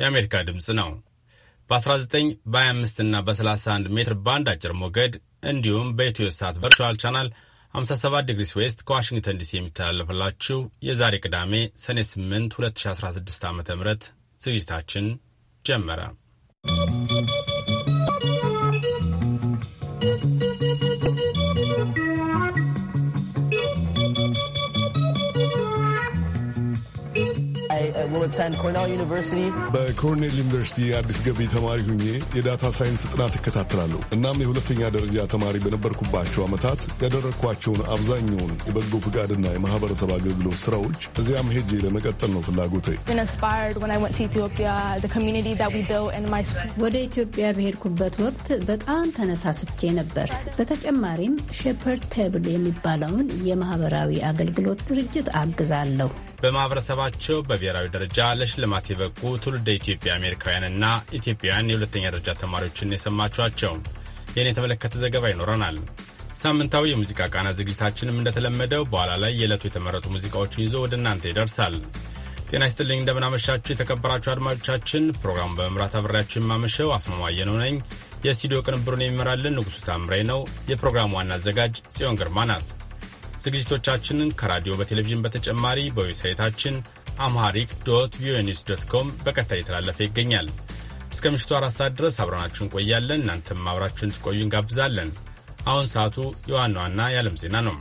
የአሜሪካ ድምፅ ነው። በ19 በ25 እና በ31 ሜትር ባንድ አጭር ሞገድ እንዲሁም በኢትዮ ሳት ቨርቹዋል ቻናል 57 ዲግሪስ ዌስት ከዋሽንግተን ዲሲ የሚተላለፍላችሁ የዛሬ ቅዳሜ ሰኔ 8 2016 ዓ ም ዝግጅታችን ጀመረ። በኮርኔል ዩኒቨርሲቲ አዲስ ገቢ ተማሪ ሁኜ የዳታ ሳይንስ ጥናት እከታተላለሁ። እናም የሁለተኛ ደረጃ ተማሪ በነበርኩባቸው ዓመታት ያደረግኳቸውን አብዛኛውን የበጎ ፍቃድና የማህበረሰብ አገልግሎት ስራዎች እዚያም ሄጄ ለመቀጠል ነው ፍላጎቴ። ወደ ኢትዮጵያ በሄድኩበት ወቅት በጣም ተነሳስቼ ነበር። በተጨማሪም ሼፐርድ ቴብል የሚባለውን የማህበራዊ አገልግሎት ድርጅት አግዛለሁ። በማህበረሰባቸው በብሔራዊ ደረጃ ደረጃ ለሽልማት የበቁ ትውልደ ኢትዮጵያ አሜሪካውያንና ኢትዮጵያውያን የሁለተኛ ደረጃ ተማሪዎችን የሰማችኋቸው። ይህን የተመለከተ ዘገባ ይኖረናል። ሳምንታዊ የሙዚቃ ቃና ዝግጅታችንም እንደተለመደው በኋላ ላይ የዕለቱ የተመረጡ ሙዚቃዎችን ይዞ ወደ እናንተ ይደርሳል። ጤና ይስጥልኝ፣ እንደምናመሻችሁ የተከበራችሁ አድማጮቻችን። ፕሮግራሙ በመምራት አብሬያችሁ የማመሸው አስማማየ ነው ነኝ። የስቱዲዮ ቅንብሩን የሚመራልን ንጉሡ ታምሬ ነው። የፕሮግራሙ ዋና አዘጋጅ ጽዮን ግርማ ናት። ዝግጅቶቻችንን ከራዲዮ በቴሌቪዥን በተጨማሪ በዌብሳይታችን አምሃሪክ ዶት ቪኦኤ ኒውስ ዶት ኮም በቀጥታ እየተላለፈ ይገኛል። እስከ ምሽቱ አራት ሰዓት ድረስ አብረናችሁ እንቆያለን። እናንተም አብራችሁን ትቆዩ እንጋብዛለን። አሁን ሰዓቱ የዋና ዋና የዓለም ዜና ነው።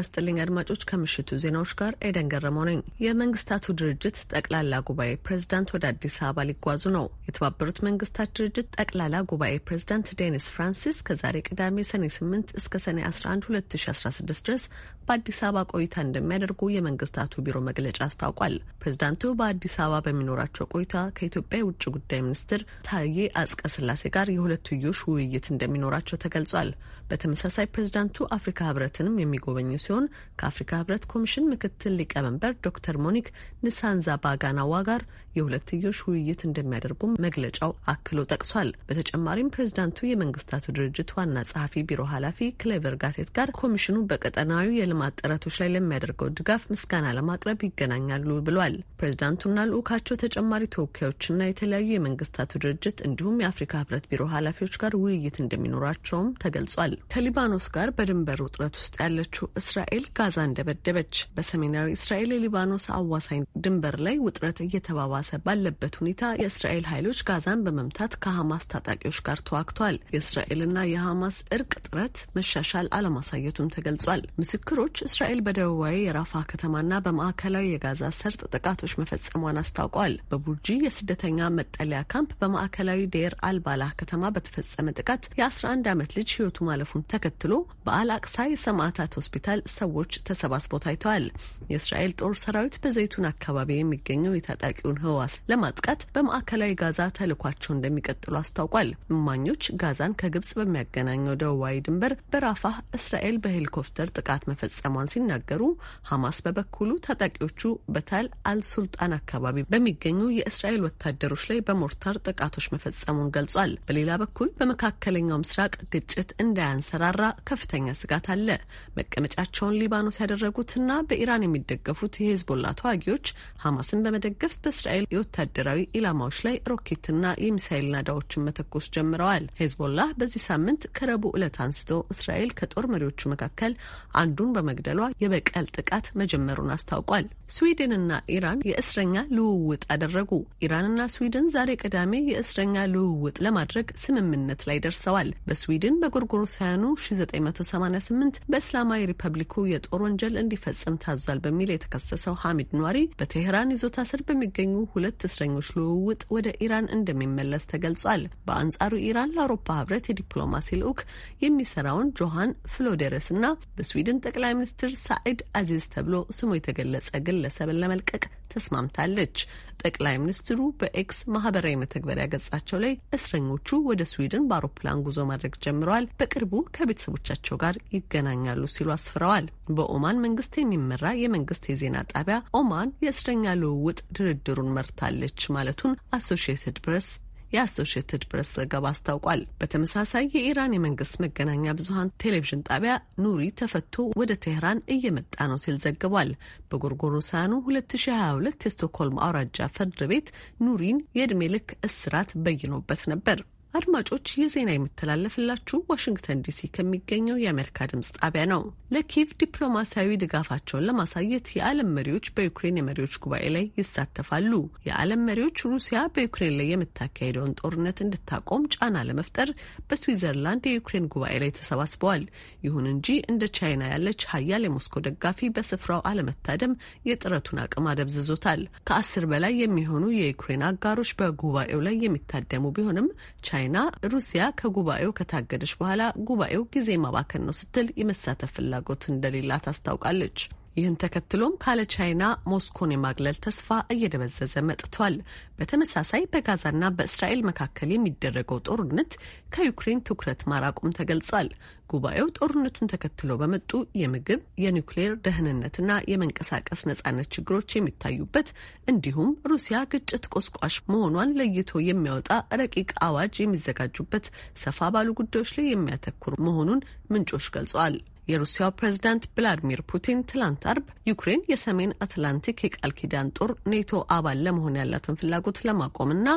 ጤና ስጥልኝ አድማጮች፣ ከምሽቱ ዜናዎች ጋር ኤደን ገረመው ነኝ። የመንግስታቱ ድርጅት ጠቅላላ ጉባኤ ፕሬዝዳንት ወደ አዲስ አበባ ሊጓዙ ነው። የተባበሩት መንግስታት ድርጅት ጠቅላላ ጉባኤ ፕሬዝዳንት ዴኒስ ፍራንሲስ ከዛሬ ቅዳሜ ሰኔ 8 እስከ ሰኔ 11 2016 ድረስ በአዲስ አበባ ቆይታ እንደሚያደርጉ የመንግስታቱ ቢሮ መግለጫ አስታውቋል። ፕሬዝዳንቱ በአዲስ አበባ በሚኖራቸው ቆይታ ከኢትዮጵያ የውጭ ጉዳይ ሚኒስትር ታዬ አጽቀ ስላሴ ጋር የሁለትዮሽ ውይይት እንደሚኖራቸው ተገልጿል። በተመሳሳይ ፕሬዚዳንቱ አፍሪካ ህብረትንም የሚጎበኙ ሲሆን ከአፍሪካ ህብረት ኮሚሽን ምክትል ሊቀመንበር ዶክተር ሞኒክ ንሳንዛ ባጋናዋ ጋር የሁለትዮሽ ውይይት እንደሚያደርጉም መግለጫው አክሎ ጠቅሷል። በተጨማሪም ፕሬዚዳንቱ የመንግስታቱ ድርጅት ዋና ጸሐፊ ቢሮ ኃላፊ ክሌቨር ጋሴት ጋር ኮሚሽኑ በቀጠናዊ የልማት ጥረቶች ላይ ለሚያደርገው ድጋፍ ምስጋና ለማቅረብ ይገናኛሉ ብሏል። ፕሬዚዳንቱና ልዑካቸው ተጨማሪ ተወካዮችና የተለያዩ የመንግስታቱ ድርጅት እንዲሁም የአፍሪካ ህብረት ቢሮ ኃላፊዎች ጋር ውይይት እንደሚኖራቸውም ተገልጿል። ከሊባኖስ ጋር በድንበር ውጥረት ውስጥ ያለችው እስራኤል ጋዛ እንደበደበች በሰሜናዊ እስራኤል የሊባኖስ አዋሳኝ ድንበር ላይ ውጥረት እየተባባ እየተባባሰ ባለበት ሁኔታ የእስራኤል ኃይሎች ጋዛን በመምታት ከሐማስ ታጣቂዎች ጋር ተዋግተዋል። የእስራኤልና የሐማስ እርቅ ጥረት መሻሻል አለማሳየቱም ተገልጿል። ምስክሮች እስራኤል በደቡባዊ የራፋ ከተማና በማዕከላዊ የጋዛ ሰርጥ ጥቃቶች መፈጸሟን አስታውቋል። በቡርጂ የስደተኛ መጠለያ ካምፕ በማዕከላዊ ዴር አልባላህ ከተማ በተፈጸመ ጥቃት የ11 ዓመት ልጅ ህይወቱ ማለፉን ተከትሎ በአልአቅሳ አቅሳ የሰማዕታት ሆስፒታል ሰዎች ተሰባስበው ታይተዋል። የእስራኤል ጦር ሰራዊት በዘይቱን አካባቢ የሚገኘው የታጣቂውን ህዋስ ለማጥቃት በማዕከላዊ ጋዛ ተልኳቸው እንደሚቀጥሉ አስታውቋል። እማኞች ጋዛን ከግብጽ በሚያገናኘው ደቡባዊ ድንበር በራፋህ እስራኤል በሄሊኮፕተር ጥቃት መፈጸሟን ሲናገሩ፣ ሐማስ በበኩሉ ታጣቂዎቹ በታል አልሱልጣን አካባቢ በሚገኙ የእስራኤል ወታደሮች ላይ በሞርታር ጥቃቶች መፈጸሙን ገልጿል። በሌላ በኩል በመካከለኛው ምስራቅ ግጭት እንዳያንሰራራ ከፍተኛ ስጋት አለ። መቀመጫቸውን ሊባኖስ ያደረጉትና በኢራን የሚደገፉት የሄዝቦላ ተዋጊዎች ሐማስን በመደገፍ በእስራኤል እስራኤል የወታደራዊ ኢላማዎች ላይ ሮኬትና የሚሳይል ናዳዎችን መተኮስ ጀምረዋል። ሄዝቦላ በዚህ ሳምንት ከረቡዕ ዕለት አንስቶ እስራኤል ከጦር መሪዎቹ መካከል አንዱን በመግደሏ የበቀል ጥቃት መጀመሩን አስታውቋል። ስዊድንና ኢራን የእስረኛ ልውውጥ አደረጉ። ኢራንና ስዊድን ዛሬ ቅዳሜ የእስረኛ ልውውጥ ለማድረግ ስምምነት ላይ ደርሰዋል። በስዊድን በጎርጎሮሳውያኑ 1988 በእስላማዊ ሪፐብሊኩ የጦር ወንጀል እንዲፈጽም ታዟል በሚል የተከሰሰው ሐሚድ ኗሪ በቴህራን ይዞታ ስር በሚገኙ ሁለት እስረኞች ልውውጥ ወደ ኢራን እንደሚመለስ ተገልጿል። በአንጻሩ ኢራን ለአውሮፓ ህብረት የዲፕሎማሲ ልዑክ የሚሰራውን ጆሃን ፍሎደረስ እና በስዊድን ጠቅላይ ሚኒስትር ሳኢድ አዚዝ ተብሎ ስሙ የተገለጸ ግል ግለሰብን ለመልቀቅ ተስማምታለች። ጠቅላይ ሚኒስትሩ በኤክስ ማህበራዊ መተግበሪያ ገጻቸው ላይ እስረኞቹ ወደ ስዊድን በአውሮፕላን ጉዞ ማድረግ ጀምረዋል፣ በቅርቡ ከቤተሰቦቻቸው ጋር ይገናኛሉ ሲሉ አስፍረዋል። በኦማን መንግስት የሚመራ የመንግስት የዜና ጣቢያ ኦማን የእስረኛ ልውውጥ ድርድሩን መርታለች ማለቱን አሶሺየትድ ፕሬስ የአሶሽትድ ፕሬስ ዘገባ አስታውቋል። በተመሳሳይ የኢራን የመንግስት መገናኛ ብዙሀን ቴሌቪዥን ጣቢያ ኑሪ ተፈቶ ወደ ቴህራን እየመጣ ነው ሲል ዘግቧል። በጎርጎሮሳኑ 2022 የስቶኮልም አውራጃ ፍርድ ቤት ኑሪን የዕድሜ ልክ እስራት በይኖበት ነበር። አድማጮች ይህ ዜና የሚተላለፍላችሁ ዋሽንግተን ዲሲ ከሚገኘው የአሜሪካ ድምጽ ጣቢያ ነው። ለኪቭ ዲፕሎማሲያዊ ድጋፋቸውን ለማሳየት የዓለም መሪዎች በዩክሬን የመሪዎች ጉባኤ ላይ ይሳተፋሉ። የዓለም መሪዎች ሩሲያ በዩክሬን ላይ የምታካሄደውን ጦርነት እንድታቆም ጫና ለመፍጠር በስዊዘርላንድ የዩክሬን ጉባኤ ላይ ተሰባስበዋል። ይሁን እንጂ እንደ ቻይና ያለች ሀያል የሞስኮ ደጋፊ በስፍራው አለመታደም የጥረቱን አቅም አደብዝዞታል። ከአስር በላይ የሚሆኑ የዩክሬን አጋሮች በጉባኤው ላይ የሚታደሙ ቢሆንም ቻይና ሩሲያ ከጉባኤው ከታገደች በኋላ ጉባኤው ጊዜ ማባከን ነው ስትል የመሳተፍ ፍላጎት እንደሌላት አስታውቃለች። ይህን ተከትሎም ካለ ቻይና ሞስኮን የማግለል ተስፋ እየደበዘዘ መጥቷል። በተመሳሳይ በጋዛና በእስራኤል መካከል የሚደረገው ጦርነት ከዩክሬን ትኩረት ማራቁም ተገልጿል። ጉባኤው ጦርነቱን ተከትሎ በመጡ የምግብ፣ የኒውክሌር ደህንነትና የመንቀሳቀስ ነጻነት ችግሮች የሚታዩበት እንዲሁም ሩሲያ ግጭት ቆስቋሽ መሆኗን ለይቶ የሚያወጣ ረቂቅ አዋጅ የሚዘጋጁበት ሰፋ ባሉ ጉዳዮች ላይ የሚያተኩር መሆኑን ምንጮች ገልጸዋል። የሩሲያው ፕሬዝዳንት ቭላዲሚር ፑቲን ትላንት አርብ ዩክሬን የሰሜን አትላንቲክ የቃል ኪዳን ጦር ኔቶ አባል ለመሆን ያላትን ፍላጎት ለማቆም እና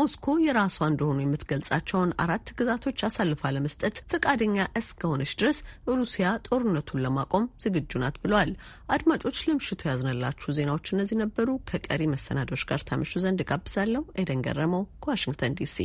ሞስኮ የራሷ እንደሆኑ የምትገልጻቸውን አራት ግዛቶች አሳልፋ ለመስጠት ፈቃደኛ እስከሆነች ድረስ ሩሲያ ጦርነቱን ለማቆም ዝግጁ ናት ብለዋል። አድማጮች፣ ለምሽቱ ያዝነላችሁ ዜናዎች እነዚህ ነበሩ። ከቀሪ መሰናዶች ጋር ታመሹ ዘንድ ጋብዛለሁ። ኤደን ገረመው ከዋሽንግተን ዲሲ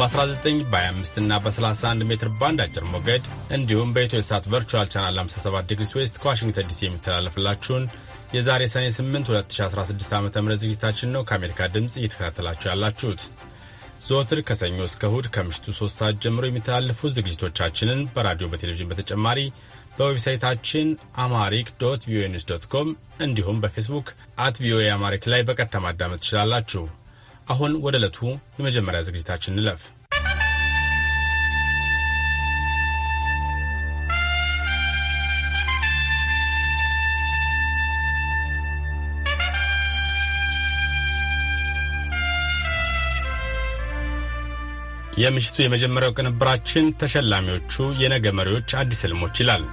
በ19 በ25 እና በ31 ሜትር ባንድ አጭር ሞገድ እንዲሁም በኢትዮ ሳት ቨርቹዋል ቻናል 57 ዲግሪ ዌስት ከዋሽንግተን ዲሲ የሚተላለፍላችሁን የዛሬ ሰኔ 8 2016 ዓ ም ዝግጅታችን ነው ከአሜሪካ ድምፅ እየተከታተላችሁ ያላችሁት። ዘወትር ከሰኞ እስከ እሁድ ከምሽቱ 3 ሰዓት ጀምሮ የሚተላለፉ ዝግጅቶቻችንን በራዲዮ በቴሌቪዥን በተጨማሪ በዌብሳይታችን አማሪክ ዶት ቪኦኤ ኒውስ ዶት ኮም እንዲሁም በፌስቡክ አት ቪኦኤ አማሪክ ላይ በቀጥታ ማዳመጥ ትችላላችሁ። አሁን ወደ ዕለቱ የመጀመሪያ ዝግጅታችን እንለፍ። የምሽቱ የመጀመሪያው ቅንብራችን ተሸላሚዎቹ የነገ መሪዎች አዲስ ሕልሞች ይላል።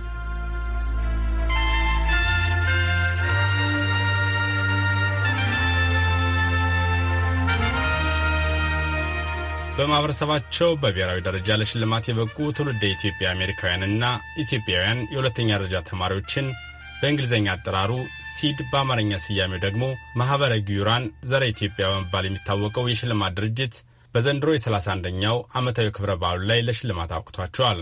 በማህበረሰባቸው በብሔራዊ ደረጃ ለሽልማት የበቁ ትውልደ ኢትዮጵያ አሜሪካውያንና ኢትዮጵያውያን የሁለተኛ ደረጃ ተማሪዎችን በእንግሊዝኛ አጠራሩ ሲድ በአማርኛ ስያሜው ደግሞ ማኅበረ ጊዩራን ዘረ ኢትዮጵያ በመባል የሚታወቀው የሽልማት ድርጅት በዘንድሮ የ31ኛው ዓመታዊ ክብረ በዓሉ ላይ ለሽልማት አብቅቷቸዋል።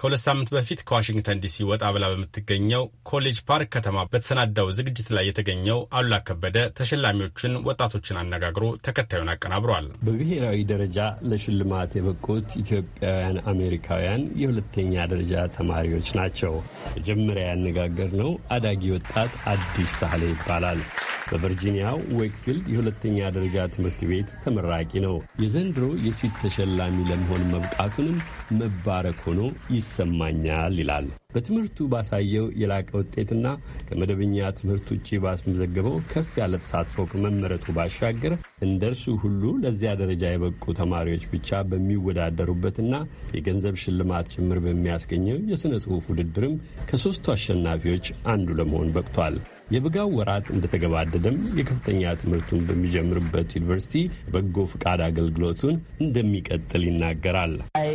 ከሁለት ሳምንት በፊት ከዋሽንግተን ዲሲ ወጣ ብላ በምትገኘው ኮሌጅ ፓርክ ከተማ በተሰናዳው ዝግጅት ላይ የተገኘው አሉላ ከበደ ተሸላሚዎችን፣ ወጣቶችን አነጋግሮ ተከታዩን አቀናብሯል። በብሔራዊ ደረጃ ለሽልማት የበቁት ኢትዮጵያውያን አሜሪካውያን የሁለተኛ ደረጃ ተማሪዎች ናቸው። መጀመሪያ ያነጋገር ነው አዳጊ ወጣት አዲስ ሳህሌ ይባላል። በቨርጂኒያው ዌክፊልድ የሁለተኛ ደረጃ ትምህርት ቤት ተመራቂ ነው። የዘንድሮ የሲት ተሸላሚ ለመሆን መብቃቱንም መባረክ ሆኖ ይሰማኛል ይላል። በትምህርቱ ባሳየው የላቀ ውጤትና ከመደበኛ ትምህርት ውጭ ባስመዘገበው ከፍ ያለ ተሳትፎ ከመመረጡ ባሻገር እንደ እርሱ ሁሉ ለዚያ ደረጃ የበቁ ተማሪዎች ብቻ በሚወዳደሩበትና የገንዘብ ሽልማት ጭምር በሚያስገኘው የሥነ ጽሑፍ ውድድርም ከሦስቱ አሸናፊዎች አንዱ ለመሆን በቅቷል። የበጋው ወራት እንደተገባደደም የከፍተኛ ትምህርቱን በሚጀምርበት ዩኒቨርሲቲ በጎ ፍቃድ አገልግሎቱን እንደሚቀጥል ይናገራል። uh,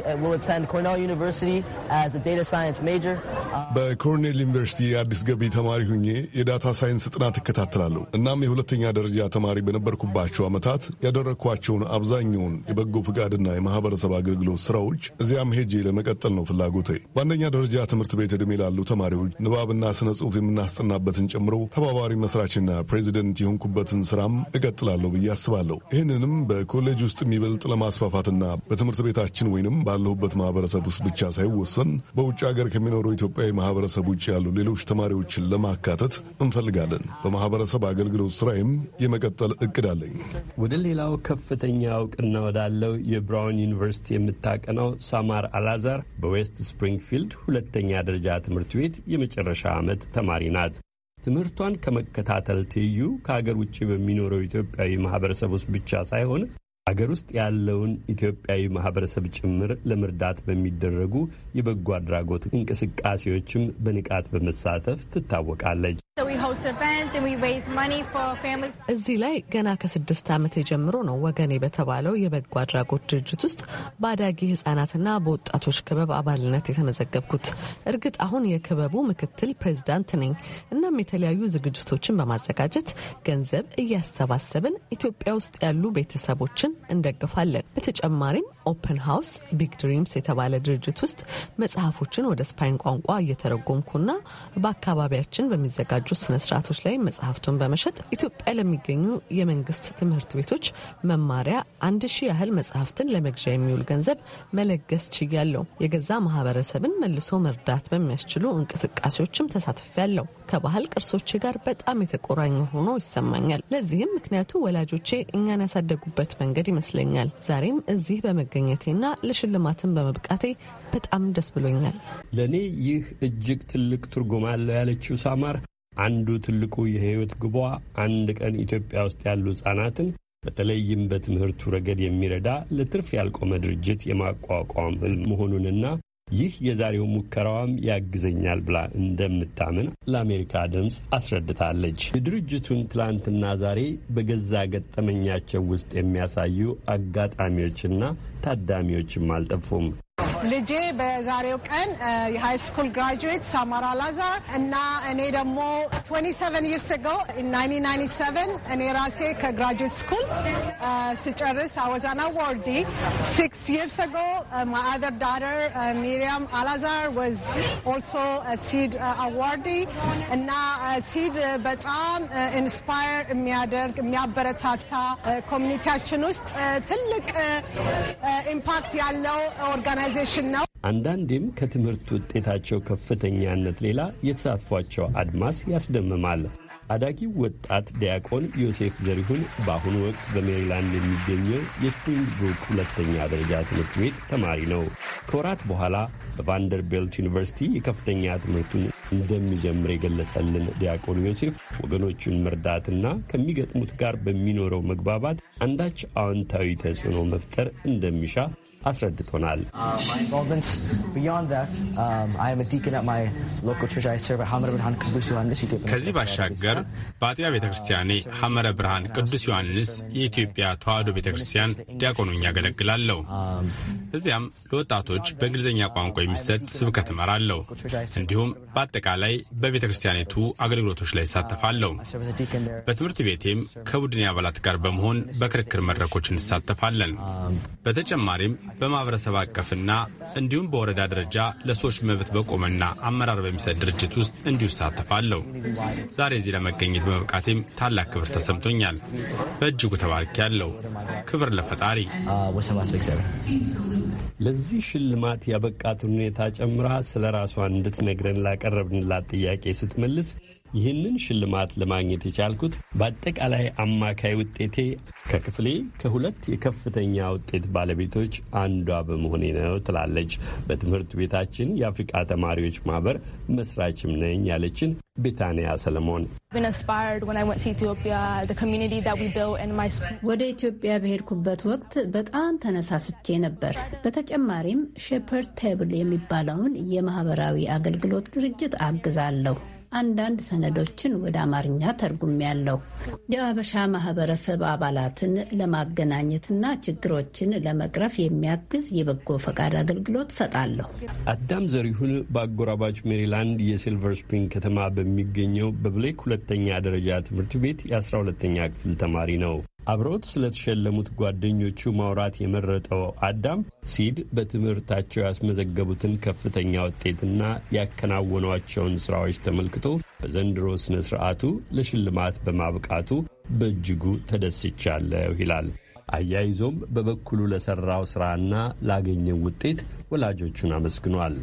በኮርኔል ዩኒቨርሲቲ አዲስ ገቢ ተማሪ ሁኜ የዳታ ሳይንስ ጥናት እከታተላለሁ። እናም የሁለተኛ ደረጃ ተማሪ በነበርኩባቸው ዓመታት ያደረግኳቸውን አብዛኛውን የበጎ ፍቃድና የማህበረሰብ አገልግሎት ስራዎች እዚያም ሄጄ ለመቀጠል ነው ፍላጎቴ። በአንደኛ ደረጃ ትምህርት ቤት ዕድሜ ላሉ ተማሪዎች ንባብና ስነ ጽሁፍ የምናስጠናበትን ጨምሮ ተባባሪ መስራችና ፕሬዚደንት የሆንኩበትን ስራም እቀጥላለሁ ብዬ አስባለሁ። ይህንንም በኮሌጅ ውስጥ የሚበልጥ ለማስፋፋትና በትምህርት ቤታችን ወይንም ባለሁበት ማህበረሰብ ውስጥ ብቻ ሳይወሰን በውጭ ሀገር ከሚኖሩ ኢትዮጵያዊ ማህበረሰብ ውጭ ያሉ ሌሎች ተማሪዎችን ለማካተት እንፈልጋለን። በማህበረሰብ አገልግሎት ስራዬም የመቀጠል እቅድ አለኝ። ወደ ሌላው ከፍተኛ እውቅና ወዳለው የብራውን ዩኒቨርሲቲ የምታቀናው ሳማር አላዛር በዌስት ስፕሪንግፊልድ ሁለተኛ ደረጃ ትምህርት ቤት የመጨረሻ ዓመት ተማሪ ናት። ትምህርቷን ከመከታተል ትይዩ ከሀገር ውጭ በሚኖረው ኢትዮጵያዊ ማህበረሰብ ውስጥ ብቻ ሳይሆን አገር ውስጥ ያለውን ኢትዮጵያዊ ማህበረሰብ ጭምር ለመርዳት በሚደረጉ የበጎ አድራጎት እንቅስቃሴዎችም በንቃት በመሳተፍ ትታወቃለች። እዚህ ላይ ገና ከስድስት ዓመት ጀምሮ ነው ወገኔ በተባለው የበጎ አድራጎት ድርጅት ውስጥ በአዳጊ ህጻናትና በወጣቶች ክበብ አባልነት የተመዘገብኩት። እርግጥ አሁን የክበቡ ምክትል ፕሬዚዳንት ነኝ። እናም የተለያዩ ዝግጅቶችን በማዘጋጀት ገንዘብ እያሰባሰብን ኢትዮጵያ ውስጥ ያሉ ቤተሰቦችን ድርጅቱን እንደግፋለን። በተጨማሪም ኦፕን ሃውስ ቢግ ድሪምስ የተባለ ድርጅት ውስጥ መጽሐፎችን ወደ ስፓይን ቋንቋ እየተረጎምኩና በአካባቢያችን በሚዘጋጁ ስነስርዓቶች ላይ መጽሐፍቱን በመሸጥ ኢትዮጵያ ለሚገኙ የመንግስት ትምህርት ቤቶች መማሪያ አንድ ሺህ ያህል መጽሐፍትን ለመግዣ የሚውል ገንዘብ መለገስ ችያለው። የገዛ ማህበረሰብን መልሶ መርዳት በሚያስችሉ እንቅስቃሴዎችም ተሳትፌያለሁ። ከባህል ቅርሶች ጋር በጣም የተቆራኘ ሆኖ ይሰማኛል። ለዚህም ምክንያቱ ወላጆቼ እኛን ያሳደጉበት መንገድ መንገድ ይመስለኛል። ዛሬም እዚህ በመገኘቴና ለሽልማትን በመብቃቴ በጣም ደስ ብሎኛል። ለእኔ ይህ እጅግ ትልቅ ትርጉም አለው ያለችው ሳማር አንዱ ትልቁ የህይወት ግቧ አንድ ቀን ኢትዮጵያ ውስጥ ያሉ ህጻናትን በተለይም በትምህርቱ ረገድ የሚረዳ ለትርፍ ያልቆመ ድርጅት የማቋቋም ህልም መሆኑንና ይህ የዛሬው ሙከራዋም ያግዘኛል ብላ እንደምታምን ለአሜሪካ ድምፅ አስረድታለች። የድርጅቱን ትላንትና ዛሬ በገዛ ገጠመኛቸው ውስጥ የሚያሳዩ አጋጣሚዎችና ታዳሚዎችም አልጠፉም። ልጄ በዛሬው ቀን የሃይ ስኩል ግራጁዌት ሳማራ ላዛር እና እኔ ደግሞ 27 ይርስ አጎ 1997 እኔ ራሴ ከግራጁዌት ስኩል ስጨርስ አወዛና ዋርዲ ሲክስ ይርስ አጎ ማይ አዘር ዳተር ሚሪያም አላዛር ወዝ ኦልሶ ሲድ አዋርዲ እና ሲድ በጣም ኢንስፓየር የሚያደርግ የሚያበረታታ ኮሚኒቲያችን ውስጥ ትልቅ ኢምፓክት ያለው ኦርጋናይዜሽን አንዳንዴም ከትምህርት ውጤታቸው ከፍተኛነት ሌላ የተሳትፏቸው አድማስ ያስደምማል። አዳጊው ወጣት ዲያቆን ዮሴፍ ዘሪሁን በአሁኑ ወቅት በሜሪላንድ የሚገኘው የስፕሪንግ ብሩክ ሁለተኛ ደረጃ ትምህርት ቤት ተማሪ ነው። ከወራት በኋላ በቫንደርቤልት ዩኒቨርሲቲ የከፍተኛ ትምህርቱን እንደሚጀምር የገለጸልን ዲያቆን ዮሴፍ ወገኖቹን መርዳትና ከሚገጥሙት ጋር በሚኖረው መግባባት አንዳች አዎንታዊ ተጽዕኖ መፍጠር እንደሚሻ አስረድቶናል። uh, um, ከዚህ ባሻገር በአጥቢያ ቤተ ክርስቲያኔ uh, ሐመረ ብርሃን ቅዱስ ዮሐንስ የኢትዮጵያ ተዋሕዶ ቤተ ክርስቲያን ዲያቆኑኝ ያገለግላለሁ። um, እዚያም ለወጣቶች በእንግሊዝኛ ቋንቋ የሚሰጥ ስብከት እመራለሁ። እንዲሁም በአጠቃላይ በቤተ አገልግሎቶች ላይ ይሳተፋለሁ። uh, በትምህርት ቤቴም ከቡድን አባላት ጋር በመሆን በክርክር መድረኮች እንሳተፋለን። um, በተጨማሪም በማህበረሰብ አቀፍና እንዲሁም በወረዳ ደረጃ ለሰዎች መብት በቆመና አመራር በሚሰጥ ድርጅት ውስጥ እንዲሁ እሳተፋለሁ። ዛሬ እዚህ ለመገኘት በመብቃቴም ታላቅ ክብር ተሰምቶኛል። በእጅጉ ያለው ክብር ለፈጣሪ። ለዚህ ሽልማት ያበቃትን ሁኔታ ጨምራ ስለ ራሷ እንድትነግረን ላቀረብንላት ጥያቄ ስትመልስ ይህንን ሽልማት ለማግኘት የቻልኩት በአጠቃላይ አማካይ ውጤቴ ከክፍሌ ከሁለት የከፍተኛ ውጤት ባለቤቶች አንዷ በመሆኔ ነው ትላለች። በትምህርት ቤታችን የአፍሪቃ ተማሪዎች ማህበር መስራችም ነኝ ያለችን ቤታንያ ሰለሞን ወደ ኢትዮጵያ በሄድኩበት ወቅት በጣም ተነሳስቼ ነበር። በተጨማሪም ሼፐርድ ቴብል የሚባለውን የማህበራዊ አገልግሎት ድርጅት አግዛለሁ። አንዳንድ ሰነዶችን ወደ አማርኛ ተርጉም ያለው የአበሻ ማህበረሰብ አባላትን ለማገናኘትና ችግሮችን ለመቅረፍ የሚያግዝ የበጎ ፈቃድ አገልግሎት ሰጣለሁ። አዳም ዘሪሁን በአጎራባች ሜሪላንድ የሲልቨር ስፕሪንግ ከተማ በሚገኘው በብሌክ ሁለተኛ ደረጃ ትምህርት ቤት የ12ተኛ ክፍል ተማሪ ነው። አብረውት ስለተሸለሙት ጓደኞቹ ማውራት የመረጠው አዳም ሲድ በትምህርታቸው ያስመዘገቡትን ከፍተኛ ውጤትና ያከናወኗቸውን ስራዎች ተመልክቶ በዘንድሮ ሥነ ሥርዓቱ ለሽልማት በማብቃቱ በእጅጉ ተደስቻለሁ ይላል። አያይዞም በበኩሉ ለሠራው ሥራና ላገኘው ውጤት ወላጆቹን አመስግኗል።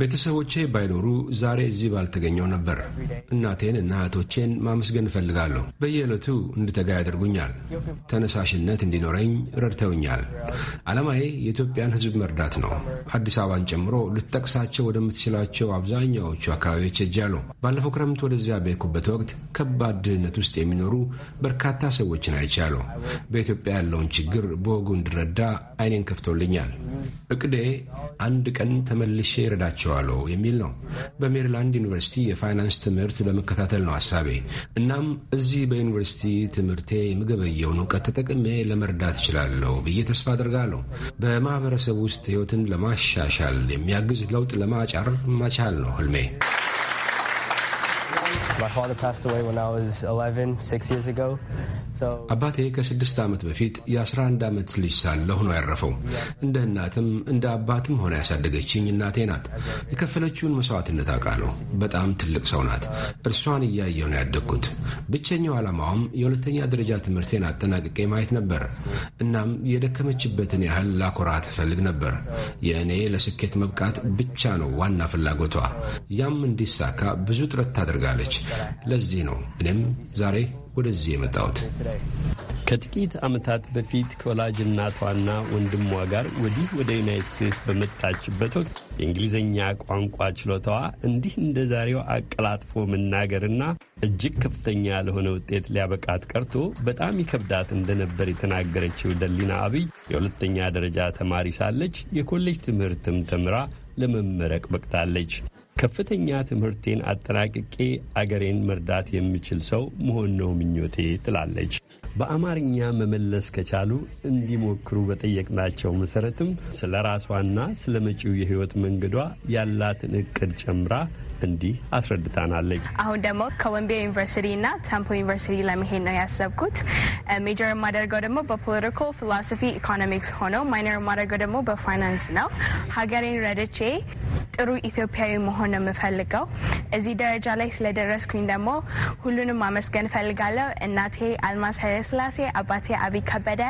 ቤተሰቦቼ ባይኖሩ ዛሬ እዚህ ባልተገኘው ነበር። እናቴን እና እህቶቼን ማመስገን እፈልጋለሁ። በየዕለቱ እንድተጋ ያደርጉኛል። ተነሳሽነት እንዲኖረኝ ረድተውኛል። ዓላማዬ የኢትዮጵያን ሕዝብ መርዳት ነው። አዲስ አበባን ጨምሮ ልትጠቅሳቸው ወደምትችላቸው አብዛኛዎቹ አካባቢዎች ሄጃለሁ። ባለፈው ክረምት ወደዚያ በሄድኩበት ወቅት ከባድ ድህነት ውስጥ የሚኖሩ በርካታ ሰዎችን አይቻለሁ። በኢትዮጵያ ያለውን ችግር በወጉ እንድረዳ አይኔን ከፍቶልኛል። እቅዴ አንድ ቀን ተመልሼ ይረዳቸዋለሁ የሚል ነው። በሜሪላንድ ዩኒቨርሲቲ የፋይናንስ ትምህርት ለመከታተል ነው ሀሳቤ። እናም እዚህ በዩኒቨርሲቲ ትምህርቴ የምገበየውን እውቀት ተጠቅሜ ለመርዳት እችላለሁ ብዬ ተስፋ አድርጋለሁ። በማህበረሰብ ውስጥ ህይወትን ለማሻሻል የሚያግዝ ለውጥ ለማጫር መቻል ነው ህልሜ። አባቴ ከስድስት ዓመት በፊት የ11 ዓመት ልጅ ሳለሁ ነው ያረፈው። እንደ እናትም እንደ አባትም ሆነ ያሳደገችኝ እናቴ ናት። የከፈለችውን መስዋዕትነት አውቃለሁ። በጣም ትልቅ ሰው ናት። እርሷን እያየሁ ነው ያደግኩት። ብቸኛው ዓላማዋም የሁለተኛ ደረጃ ትምህርቴን አጠናቅቄ ማየት ነበር። እናም የደከመችበትን ያህል ላኮራ ትፈልግ ነበር። የእኔ ለስኬት መብቃት ብቻ ነው ዋና ፍላጎቷ። ያም እንዲሳካ ብዙ ጥረት ታደርጋለች። ለዚህ ነው እኔም ዛሬ ወደዚህ የመጣሁት። ከጥቂት ዓመታት በፊት ከወላጅ እናቷና ወንድሟ ጋር ወዲህ ወደ ዩናይት ስቴትስ በመጣችበት ወቅት የእንግሊዝኛ ቋንቋ ችሎታዋ እንዲህ እንደ ዛሬው አቀላጥፎ መናገርና እጅግ ከፍተኛ ለሆነ ውጤት ሊያበቃት ቀርቶ በጣም ይከብዳት እንደነበር የተናገረችው ደሊና አብይ የሁለተኛ ደረጃ ተማሪ ሳለች የኮሌጅ ትምህርትም ተምራ ለመመረቅ በቅታለች። ከፍተኛ ትምህርቴን አጠናቅቄ አገሬን መርዳት የምችል ሰው መሆን ነው ምኞቴ ትላለች። በአማርኛ መመለስ ከቻሉ እንዲሞክሩ በጠየቅናቸው መሰረትም ስለ ራሷና ስለ መጪው የህይወት መንገዷ ያላትን እቅድ ጨምራ እንዲህ አስረድታናለች። አሁን ደግሞ ኮሎምቢያ እና ተምፕል ዩኒቨርሲቲ ለመሄድ ነው ያሰብኩት። ሜጀር የማደርገው ደግሞ በፖለቲካል ፊሎሶፊ ኢኮኖሚክስ ሆኖ ማይነር የማደርገው ደግሞ በፋይናንስ ነው። ሀገሬን ረድቼ ጥሩ ኢትዮጵያዊ መሆን ነው የምፈልገው። እዚህ ደረጃ ላይ ስለደረስኩኝ ደግሞ ሁሉንም ማመስገን እፈልጋለሁ። እናቴ አልማዝ ኃይለስላሴ፣ አባቴ አቢ ከበደ፣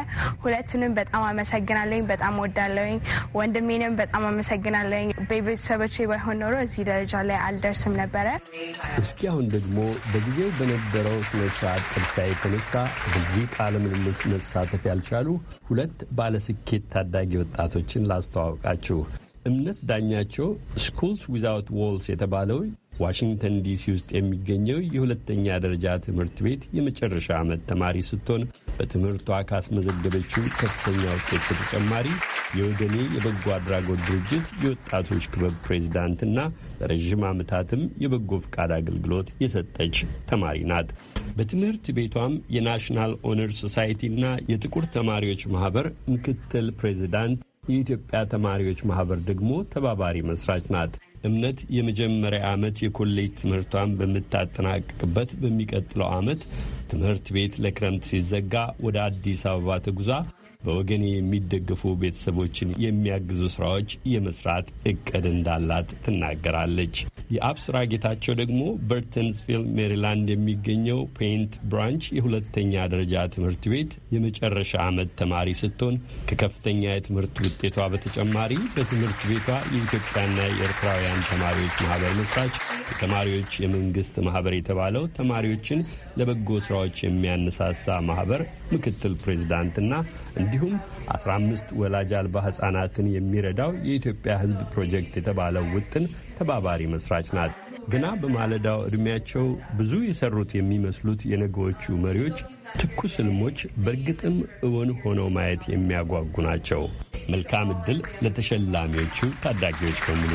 ሁለቱንም በጣም አመሰግናለኝ። በጣም ወዳለኝ ወንድሜንም በጣም አመሰግናለኝ። ቤተሰቦቼ ባይሆን ኖሮ እዚህ ደረጃ ላይ አልደርስም ነበረ። እስኪ አሁን ደግሞ በጊዜው በነበረው ስርዓት ጥድፊያ የተነሳ በዚህ ቃለ ምልልስ መሳተፍ ያልቻሉ ሁለት ባለስኬት ታዳጊ ወጣቶችን ላስተዋወቃችሁ። እምነት ዳኛቸው ስኩልስ ዊዛውት ዎልስ የተባለው ዋሽንግተን ዲሲ ውስጥ የሚገኘው የሁለተኛ ደረጃ ትምህርት ቤት የመጨረሻ ዓመት ተማሪ ስትሆን በትምህርቷ ካስመዘገበችው ከፍተኛ ውጤት በተጨማሪ የወገኔ የበጎ አድራጎት ድርጅት የወጣቶች ክበብ ፕሬዚዳንትና ለረዥም ዓመታትም የበጎ ፈቃድ አገልግሎት የሰጠች ተማሪ ናት። በትምህርት ቤቷም የናሽናል ኦነር ሶሳይቲና የጥቁር ተማሪዎች ማህበር ምክትል ፕሬዚዳንት፣ የኢትዮጵያ ተማሪዎች ማህበር ደግሞ ተባባሪ መስራች ናት። እምነት የመጀመሪያ ዓመት የኮሌጅ ትምህርቷን በምታጠናቅቅበት በሚቀጥለው ዓመት ትምህርት ቤት ለክረምት ሲዘጋ ወደ አዲስ አበባ ተጉዛ በወገኔ የሚደገፉ ቤተሰቦችን የሚያግዙ ስራዎች የመስራት እቅድ እንዳላት ትናገራለች። የአብስራ ጌታቸው ደግሞ በርተንስቪል ሜሪላንድ የሚገኘው ፔንት ብራንች የሁለተኛ ደረጃ ትምህርት ቤት የመጨረሻ ዓመት ተማሪ ስትሆን ከከፍተኛ የትምህርት ውጤቷ በተጨማሪ በትምህርት ቤቷ የኢትዮጵያና የኤርትራውያን ተማሪዎች ማህበር መስራች፣ የተማሪዎች የመንግስት ማህበር የተባለው ተማሪዎችን ለበጎ ስራዎች የሚያነሳሳ ማህበር ምክትል ፕሬዚዳንትና እንዲሁም 15 ወላጅ አልባ ሕፃናትን የሚረዳው የኢትዮጵያ ሕዝብ ፕሮጀክት የተባለው ውጥን ተባባሪ መስራች ናት። ገና በማለዳው ዕድሜያቸው ብዙ የሰሩት የሚመስሉት የነገዎቹ መሪዎች ትኩስ ሕልሞች በእርግጥም እውን ሆነው ማየት የሚያጓጉ ናቸው። መልካም ዕድል ለተሸላሚዎቹ ታዳጊዎች በሙሉ።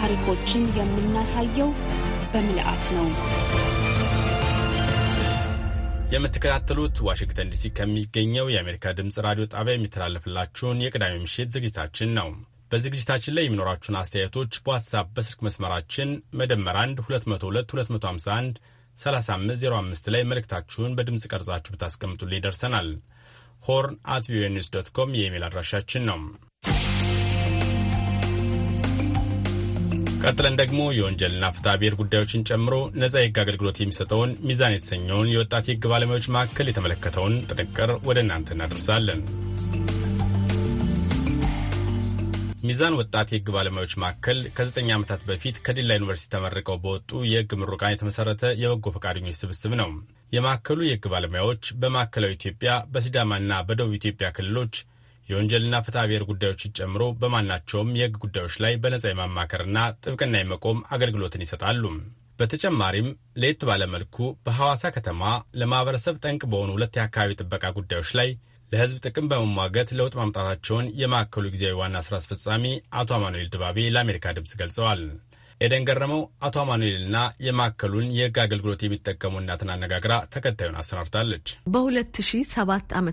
ታሪኮችን የምናሳየው በምልአት ነው። የምትከታተሉት ዋሽንግተን ዲሲ ከሚገኘው የአሜሪካ ድምፅ ራዲዮ ጣቢያ የሚተላለፍላችሁን የቅዳሜ ምሽት ዝግጅታችን ነው። በዝግጅታችን ላይ የሚኖራችሁን አስተያየቶች በዋትሳፕ በስልክ መስመራችን መደመር 1 202 251 3505 ላይ መልእክታችሁን በድምፅ ቀርጻችሁ ብታስቀምጡልን ይደርሰናል። ሆርን አት ቪኦኤ ኒውስ ዶት ኮም የኢሜል አድራሻችን ነው። ቀጥለን ደግሞ የወንጀልና ፍትሐ ብሔር ጉዳዮችን ጨምሮ ነጻ የህግ አገልግሎት የሚሰጠውን ሚዛን የተሰኘውን የወጣት የህግ ባለሙያዎች ማዕከል የተመለከተውን ጥንቅር ወደ እናንተ እናደርሳለን። ሚዛን ወጣት የህግ ባለሙያዎች ማዕከል ከዘጠኝ ዓመታት በፊት ከዲላ ዩኒቨርሲቲ ተመርቀው በወጡ የህግ ምሩቃን የተመሠረተ የበጎ ፈቃደኞች ስብስብ ነው። የማዕከሉ የህግ ባለሙያዎች በማዕከላዊ ኢትዮጵያ በሲዳማና በደቡብ ኢትዮጵያ ክልሎች የወንጀልና ፍትሐ ብሔር ጉዳዮችን ጨምሮ በማናቸውም የህግ ጉዳዮች ላይ በነጻ የማማከርና ጥብቅና የመቆም አገልግሎትን ይሰጣሉ። በተጨማሪም ለየት ባለመልኩ በሐዋሳ ከተማ ለማህበረሰብ ጠንቅ በሆኑ ሁለት የአካባቢ ጥበቃ ጉዳዮች ላይ ለህዝብ ጥቅም በመሟገት ለውጥ ማምጣታቸውን የማዕከሉ ጊዜያዊ ዋና ስራ አስፈጻሚ አቶ አማኑኤል ድባቤ ለአሜሪካ ድምፅ ገልጸዋል። ኤደን ገረመው አቶ አማኑኤልና የማዕከሉን የህግ አገልግሎት የሚጠቀሙ እናትን አነጋግራ ተከታዩን አሰናድታለች። በ2007 ዓ ም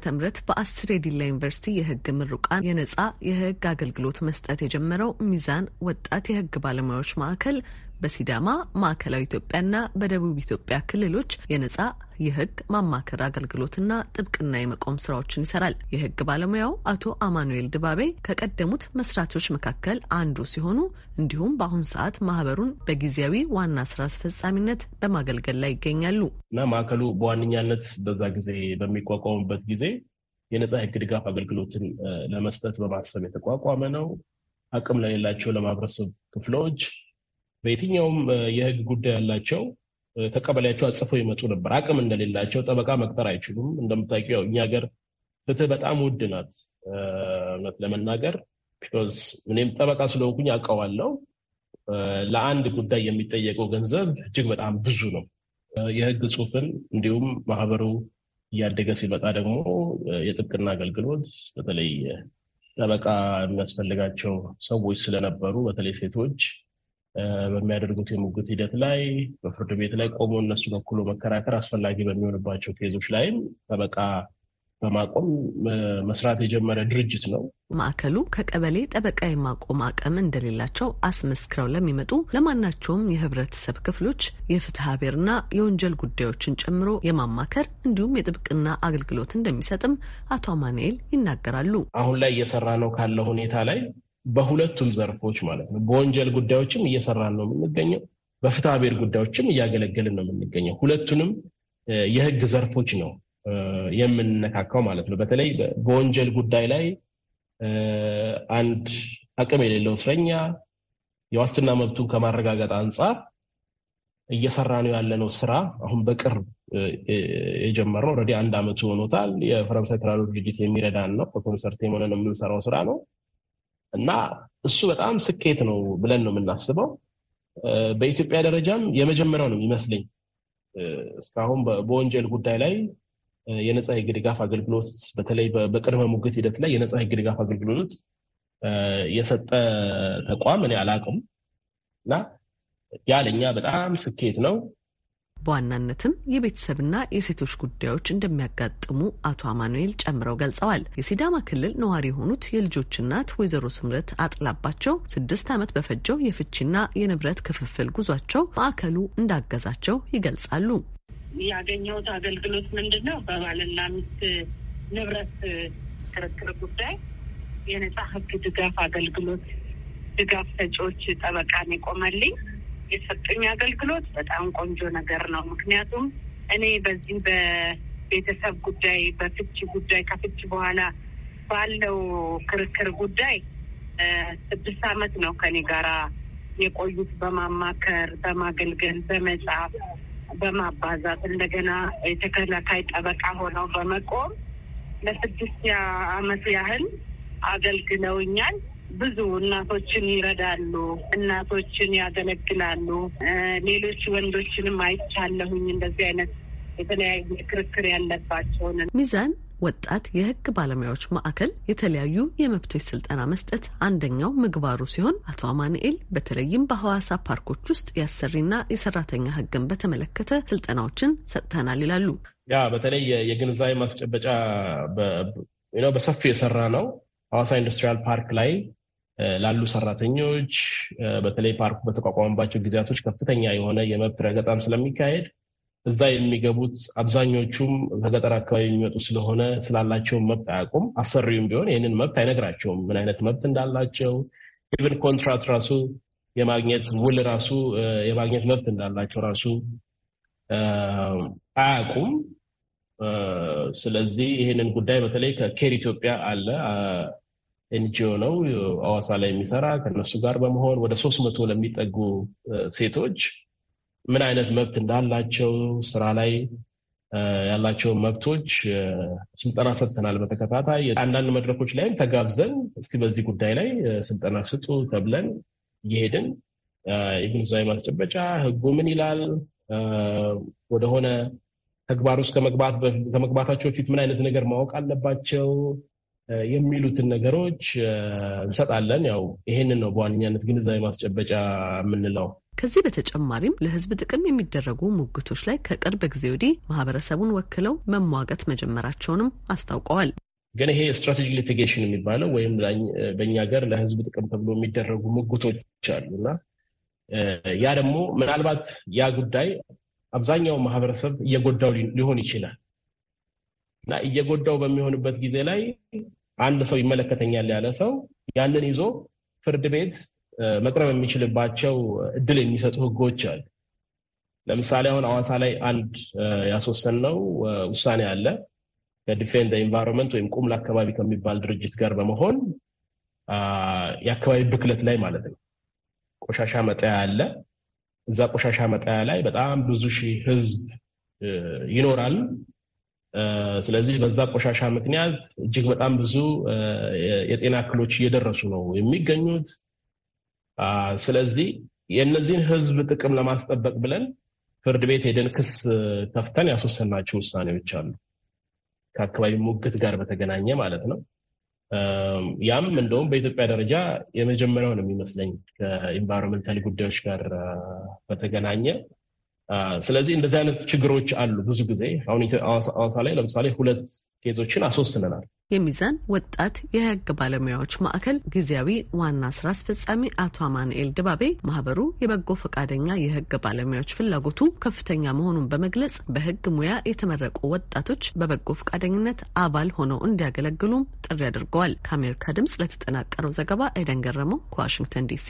በአስር ዲላ ዩኒቨርሲቲ የህግ ምሩቃን የነጻ የህግ አገልግሎት መስጠት የጀመረው ሚዛን ወጣት የህግ ባለሙያዎች ማዕከል በሲዳማ ማዕከላዊ ኢትዮጵያና በደቡብ ኢትዮጵያ ክልሎች የነጻ የህግ ማማከር አገልግሎትና ጥብቅና የመቆም ስራዎችን ይሰራል። የህግ ባለሙያው አቶ አማኑኤል ድባቤ ከቀደሙት መስራቾች መካከል አንዱ ሲሆኑ እንዲሁም በአሁን ሰዓት ማህበሩን በጊዜያዊ ዋና ስራ አስፈጻሚነት በማገልገል ላይ ይገኛሉ እና ማዕከሉ በዋነኛነት በዛ ጊዜ በሚቋቋሙበት ጊዜ የነጻ ህግ ድጋፍ አገልግሎትን ለመስጠት በማሰብ የተቋቋመ ነው። አቅም ለሌላቸው ለማህበረሰብ ክፍሎች በየትኛውም የህግ ጉዳይ ያላቸው ከቀበሌያቸው አጽፈው ይመጡ ነበር። አቅም እንደሌላቸው ጠበቃ መቅጠር አይችሉም። እንደምታውቂው እኛ ሀገር ፍትህ በጣም ውድ ናት። እውነት ለመናገር ቢኮዝ እኔም ጠበቃ ስለሆንኩኝ አውቀዋለሁ። ለአንድ ጉዳይ የሚጠየቀው ገንዘብ እጅግ በጣም ብዙ ነው። የህግ ጽሁፍን እንዲሁም ማህበሩ እያደገ ሲመጣ ደግሞ የጥብቅና አገልግሎት በተለይ ጠበቃ የሚያስፈልጋቸው ሰዎች ስለነበሩ በተለይ ሴቶች በሚያደርጉት የሙግት ሂደት ላይ በፍርድ ቤት ላይ ቆሞ እነሱ ወክሎ መከራከር አስፈላጊ በሚሆንባቸው ኬዞች ላይም ጠበቃ በማቆም መስራት የጀመረ ድርጅት ነው። ማዕከሉ ከቀበሌ ጠበቃ የማቆም አቅም እንደሌላቸው አስመስክረው ለሚመጡ ለማናቸውም የህብረተሰብ ክፍሎች የፍትሐ ብሔርና የወንጀል ጉዳዮችን ጨምሮ የማማከር እንዲሁም የጥብቅና አገልግሎት እንደሚሰጥም አቶ አማንኤል ይናገራሉ። አሁን ላይ እየሰራ ነው ካለው ሁኔታ ላይ በሁለቱም ዘርፎች ማለት ነው። በወንጀል ጉዳዮችም እየሰራን ነው የምንገኘው፣ በፍትሐ ብሔር ጉዳዮችም እያገለገልን ነው የምንገኘው። ሁለቱንም የህግ ዘርፎች ነው የምንነካካው ማለት ነው። በተለይ በወንጀል ጉዳይ ላይ አንድ አቅም የሌለው እስረኛ የዋስትና መብቱን ከማረጋገጥ አንጻር እየሰራ ነው ያለነው ስራ አሁን በቅርብ የጀመረው ረዲ አንድ ዓመቱ ሆኖታል። የፈረንሳይ ትራሎ ድርጅት የሚረዳን ነው። በኮንሰርት ነው የምንሰራው ስራ ነው። እና እሱ በጣም ስኬት ነው ብለን ነው የምናስበው። በኢትዮጵያ ደረጃም የመጀመሪያው ነው የሚመስለኝ እስካሁን በወንጀል ጉዳይ ላይ የነፃ ህግ ድጋፍ አገልግሎት በተለይ በቅድመ ሙግት ሂደት ላይ የነፃ ህግ ድጋፍ አገልግሎት የሰጠ ተቋም እኔ አላውቅም እና ያለኛ በጣም ስኬት ነው። በዋናነትም የቤተሰብና የሴቶች ጉዳዮች እንደሚያጋጥሙ አቶ አማኑኤል ጨምረው ገልጸዋል። የሲዳማ ክልል ነዋሪ የሆኑት የልጆች እናት ወይዘሮ ስምረት አጥላባቸው ስድስት ዓመት በፈጀው የፍቺና የንብረት ክፍፍል ጉዟቸው ማዕከሉ እንዳገዛቸው ይገልጻሉ። ያገኘሁት አገልግሎት ምንድን ነው? በባልና ሚስት ንብረት ክርክር ጉዳይ የነጻ ሕግ ድጋፍ አገልግሎት ድጋፍ ሰጪዎች ጠበቃን የቆመልኝ የተሰጡኝ አገልግሎት በጣም ቆንጆ ነገር ነው። ምክንያቱም እኔ በዚህ በቤተሰብ ጉዳይ፣ በፍቺ ጉዳይ፣ ከፍቺ በኋላ ባለው ክርክር ጉዳይ ስድስት አመት ነው ከኔ ጋራ የቆዩት በማማከር በማገልገል፣ በመጻፍ፣ በማባዛት እንደገና የተከላካይ ጠበቃ ሆነው በመቆም ለስድስት አመት ያህል አገልግለውኛል። ብዙ እናቶችን ይረዳሉ፣ እናቶችን ያገለግላሉ። ሌሎች ወንዶችንም አይቻለሁኝ እንደዚህ አይነት የተለያየ ክርክር ያለባቸውን ሚዛን ወጣት የሕግ ባለሙያዎች ማዕከል የተለያዩ የመብቶች ስልጠና መስጠት አንደኛው ምግባሩ ሲሆን አቶ አማንኤል በተለይም በሐዋሳ ፓርኮች ውስጥ የአሰሪና የሰራተኛ ሕግን በተመለከተ ስልጠናዎችን ሰጥተናል ይላሉ። ያ በተለይ የግንዛቤ ማስጨበጫ በሰፊው የሰራ ነው። ሐዋሳ ኢንዱስትሪያል ፓርክ ላይ ላሉ ሰራተኞች በተለይ ፓርኩ በተቋቋመባቸው ጊዜያቶች ከፍተኛ የሆነ የመብት ረገጣም ስለሚካሄድ እዛ የሚገቡት አብዛኞቹም በገጠር አካባቢ የሚመጡ ስለሆነ ስላላቸው መብት አያውቁም። አሰሪውም ቢሆን ይህንን መብት አይነግራቸውም፣ ምን አይነት መብት እንዳላቸው ኢቨን ኮንትራት ራሱ የማግኘት ውል ራሱ የማግኘት መብት እንዳላቸው ራሱ አያውቁም። ስለዚህ ይህንን ጉዳይ በተለይ ከኬር ኢትዮጵያ አለ ኤንጂኦ ነው አዋሳ ላይ የሚሰራ ከነሱ ጋር በመሆን ወደ ሶስት መቶ ለሚጠጉ ሴቶች ምን አይነት መብት እንዳላቸው ስራ ላይ ያላቸው መብቶች ስልጠና ሰጥተናል። በተከታታይ አንዳንድ መድረኮች ላይም ተጋብዘን እስቲ በዚህ ጉዳይ ላይ ስልጠና ስጡ ተብለን እየሄድን የግንዛቤ ማስጨበጫ ህጉ ምን ይላል፣ ወደሆነ ተግባር ውስጥ ከመግባታቸው በፊት ምን አይነት ነገር ማወቅ አለባቸው፣ የሚሉትን ነገሮች እንሰጣለን። ያው ይሄንን ነው በዋነኛነት ግንዛቤ ማስጨበጫ የምንለው። ከዚህ በተጨማሪም ለሕዝብ ጥቅም የሚደረጉ ሙግቶች ላይ ከቅርብ ጊዜ ወዲህ ማህበረሰቡን ወክለው መሟገት መጀመራቸውንም አስታውቀዋል። ግን ይሄ ስትራቴጂ ሊቲጌሽን የሚባለው ወይም በእኛ ሀገር ለሕዝብ ጥቅም ተብሎ የሚደረጉ ሙግቶች አሉ እና ያ ደግሞ ምናልባት ያ ጉዳይ አብዛኛው ማህበረሰብ እየጎዳው ሊሆን ይችላል እና እየጎዳው በሚሆንበት ጊዜ ላይ አንድ ሰው ይመለከተኛል ያለ ሰው ያንን ይዞ ፍርድ ቤት መቅረብ የሚችልባቸው እድል የሚሰጡ ህጎች አሉ። ለምሳሌ አሁን አዋሳ ላይ አንድ ያስወሰንነው ውሳኔ አለ። ከዲፌንድ ኤንቫይሮንመንት ወይም ቁምላ አካባቢ ከሚባል ድርጅት ጋር በመሆን የአካባቢ ብክለት ላይ ማለት ነው። ቆሻሻ መጣያ አለ። እዛ ቆሻሻ መጣያ ላይ በጣም ብዙ ሺህ ህዝብ ይኖራል። ስለዚህ በዛ ቆሻሻ ምክንያት እጅግ በጣም ብዙ የጤና እክሎች እየደረሱ ነው የሚገኙት። ስለዚህ የእነዚህን ህዝብ ጥቅም ለማስጠበቅ ብለን ፍርድ ቤት ሄደን ክስ ከፍተን ያስወሰናቸው ውሳኔዎች አሉ። ከአካባቢ ሙግት ጋር በተገናኘ ማለት ነው። ያም እንደውም በኢትዮጵያ ደረጃ የመጀመሪያው ነው የሚመስለኝ ከኢንቫይሮንመንታል ጉዳዮች ጋር በተገናኘ ስለዚህ እንደዚህ አይነት ችግሮች አሉ። ብዙ ጊዜ አሁን አዋሳ ላይ ለምሳሌ ሁለት ኬዞችን አስወስነናል። የሚዛን ወጣት የህግ ባለሙያዎች ማዕከል ጊዜያዊ ዋና ስራ አስፈጻሚ አቶ አማንኤል ድባቤ ማህበሩ የበጎ ፈቃደኛ የህግ ባለሙያዎች ፍላጎቱ ከፍተኛ መሆኑን በመግለጽ በህግ ሙያ የተመረቁ ወጣቶች በበጎ ፈቃደኝነት አባል ሆነው እንዲያገለግሉም ጥሪ አድርገዋል። ከአሜሪካ ድምጽ ለተጠናቀረው ዘገባ ኤደን ገረመው ከዋሽንግተን ዲሲ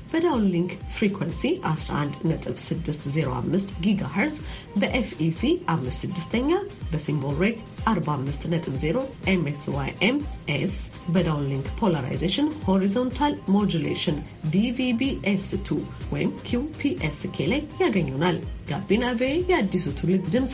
በዳውንሊንክ ፍሪኩንሲ 11605 ጊጋሄርዝ በኤፍኢሲ 56ኛ በሲምቦል ሬት 450 ኤምኤስዋይኤምኤስ በዳውንሊንክ ፖላራይዜሽን ሆሪዞንታል ሞጁሌሽን ዲቪቢኤስ2 ወይም ኪውፒኤስኬ ላይ ያገኙናል። ጋቢና ቬ የአዲሱ ትውልድ ድምፅ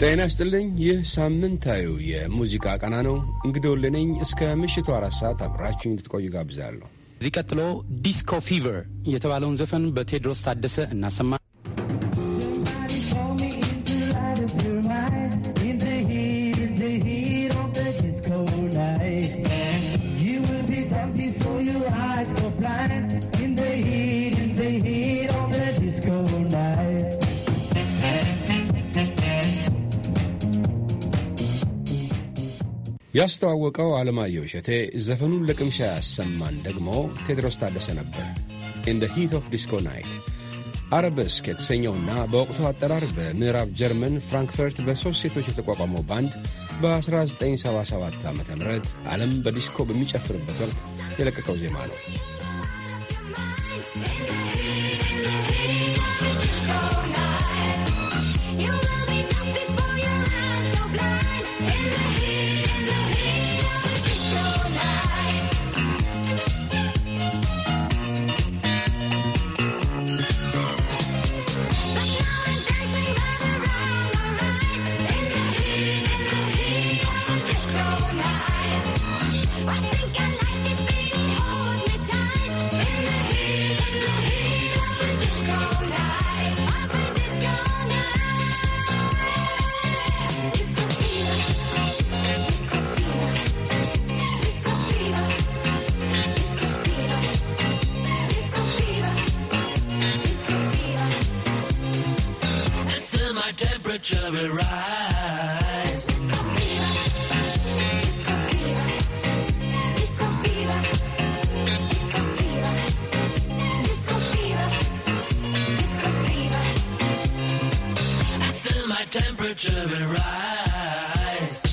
ጤና ይስጥልኝ። ይህ ሳምንታዊ የሙዚቃ ቀና ነው። እንግዲህ ወለነኝ እስከ ምሽቱ አራት ሰዓት አብራችሁ እንድትቆዩ ጋብዛለሁ። እዚህ ቀጥሎ ዲስኮ ፊቨር የተባለውን ዘፈን በቴድሮስ ታደሰ እናሰማ። ያስተዋወቀው አለማየሁ እሸቴ፣ ዘፈኑን ለቅምሻ ያሰማን ደግሞ ቴድሮስ ታደሰ ነበር። ኢን ደ ሂት ኦፍ ዲስኮ ናይት አረበስክ የተሰኘውና በወቅቱ አጠራር በምዕራብ ጀርመን ፍራንክፈርት በሦስት ሴቶች የተቋቋመው ባንድ በ1977 ዓ ም ዓለም በዲስኮ በሚጨፍርበት ወቅት የለቀቀው ዜማ ነው። jury rise. disco disco disco disco disco my temperature will rise.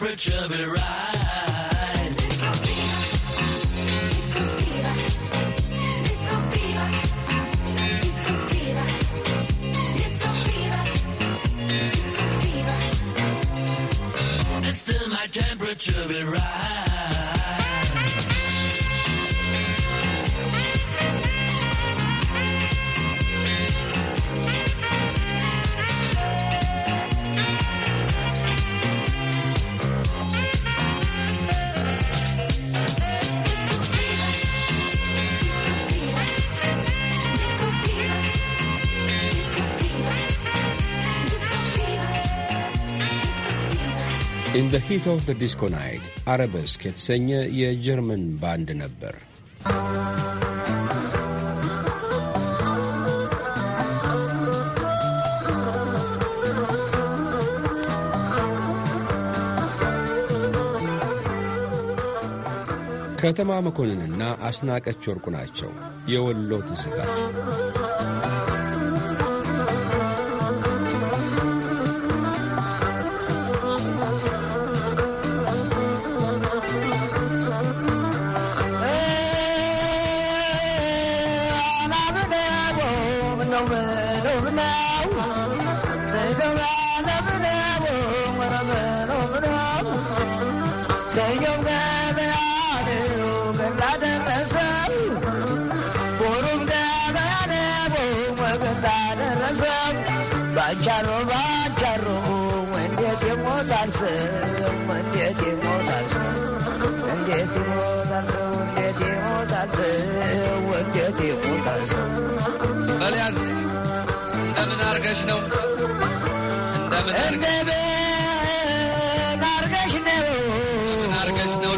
temperature will rise. Disco fever. Disco fever. Disco fever. Disco fever. Disco fever. Disco fever. And still my temperature will rise. ኢን ዘ ሂት ኦፍ ዘ ዲስኮ ናይት አረበስክ የተሰኘ የጀርመን ባንድ ነበር። ከተማ መኮንንና አስናቀች ወርቁ ናቸው የወሎ ትዝታ አርገሽ ነው እንደምን ነው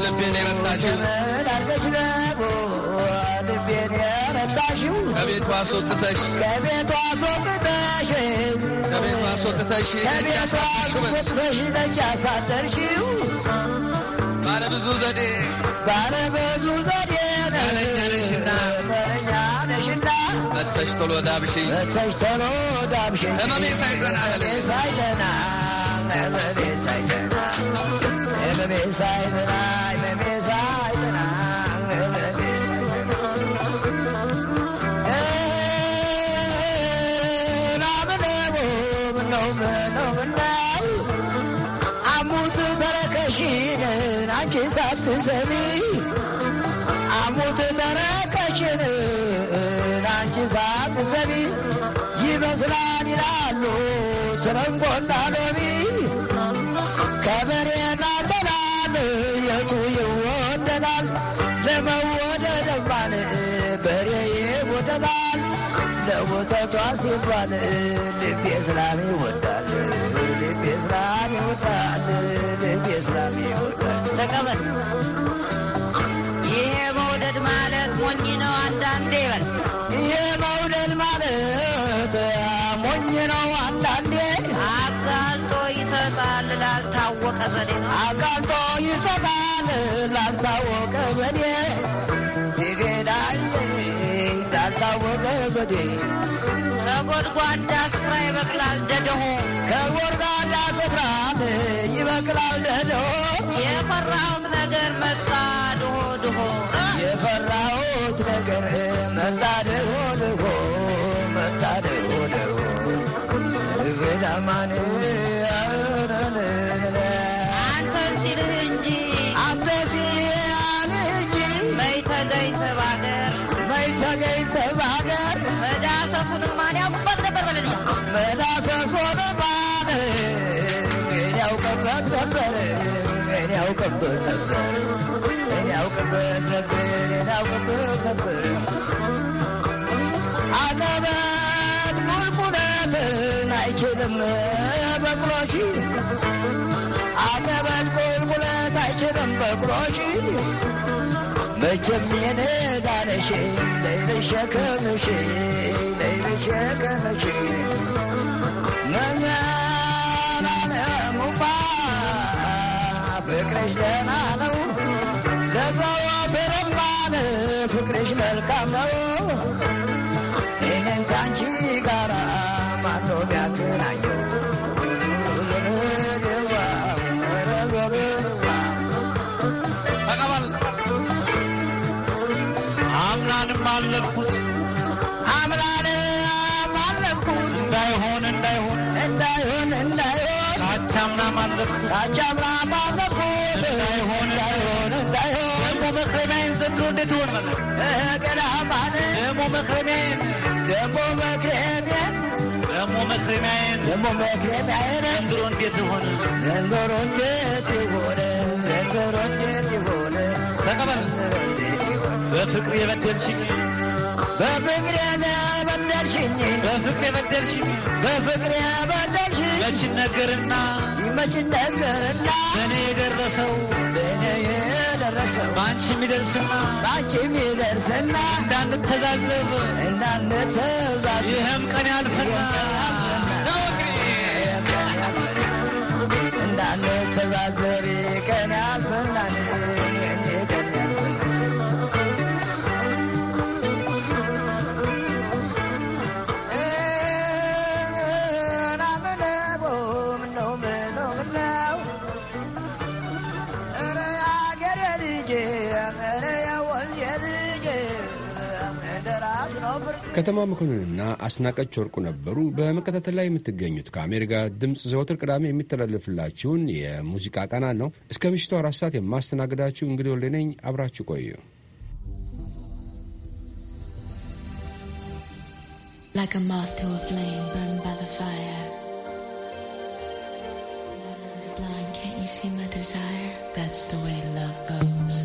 ልቤን የረታሽው ከቤቷ አስወጥተሽ ከቤቷ አስወጥተሽ ከቤቷ አስወጥተሽ ከቤቷ አስወጥተሽ ነጭ አሳደርሽው ባለብዙ ዘዴ ባለብዙ ዘዴ ነለኛለሽና መተሽ ቶሎ ዳብሽኝ መተሽ ቶሎ ዳብሽኝ ህመሜ ሳይጠና ህመሜ ሳይጠና ህመሜ የእንስሳት ዘቢ ይመስላል ይላሉ ትረንጎና ሎሚ ከበሬና ተላም የቱ ይወደዳል? ለመወደድ ባል በሬ ይወደዳል። ለሞተቷ ሲባል ልቤ ስላም ይወዳል። ልቤ ስላም ይወዳል። ልቤ ስላም ይወዳል። ተቀበል አጋልጦ ይሰጣል ላልታወቀ ዘዴ ይገዳል ላልታወቀ ዘዴ ከጎድጓዳ ስፍራ ይበቅላል ደደሆ ከጎድጓዳ ስፍራ ይበቅላል ደደሆ የፈራሁት ነገር መጣ ድሆ ድሆ የፈራሁት ነገር መጣ እናውቅበት ነበር እናውቅበት ነበር እናውቅበት ነበር አቀበት ቁልቁለትን አይችልም በቅሎች አቀበት ቁልቁለት አይችልም በቅሎች መቼም የኔ ዳነሽ ለይልሸከምሽ ለይልሸከምሽ መኛ መልካም ነው እኔን ከአንቺ ጋራ ማቶ ቢያገናኘው ተቀበል አምላንም አለብኩት አምላን አለብኩት እንዳይሆን እንዳይሆን እንዳይሆን በፍቅር የበደልሽኝ በፍቅር ያበደልሽኝ በፍቅር የበደልሽኝ በፍቅር ያበደልሽኝ መች ነገርና መች ነገርና እኔ የደረሰው ደረሰው በአንቺ የሚደርስና በአንቺ የሚደርስና እንዳንተዛዘብ እንዳንተዛዘብ ይህም ቀን ያልፍና እንዳንተዛዘር ቀን ያልፍና ከተማ መኮንንና አስናቀች ወርቁ ነበሩ በመከታተል ላይ የምትገኙት ከአሜሪካ ድምፅ ዘወትር ቅዳሜ የሚተላለፍላችሁን የሙዚቃ ቃና ነው። እስከ ምሽቱ አራት ሰዓት የማስተናግዳችሁ እንግዲህ ወልዴ ነኝ። አብራችሁ ቆዩ። Like a moth to a flame burned by the fire. Blind, can't you see my desire? That's the way love goes.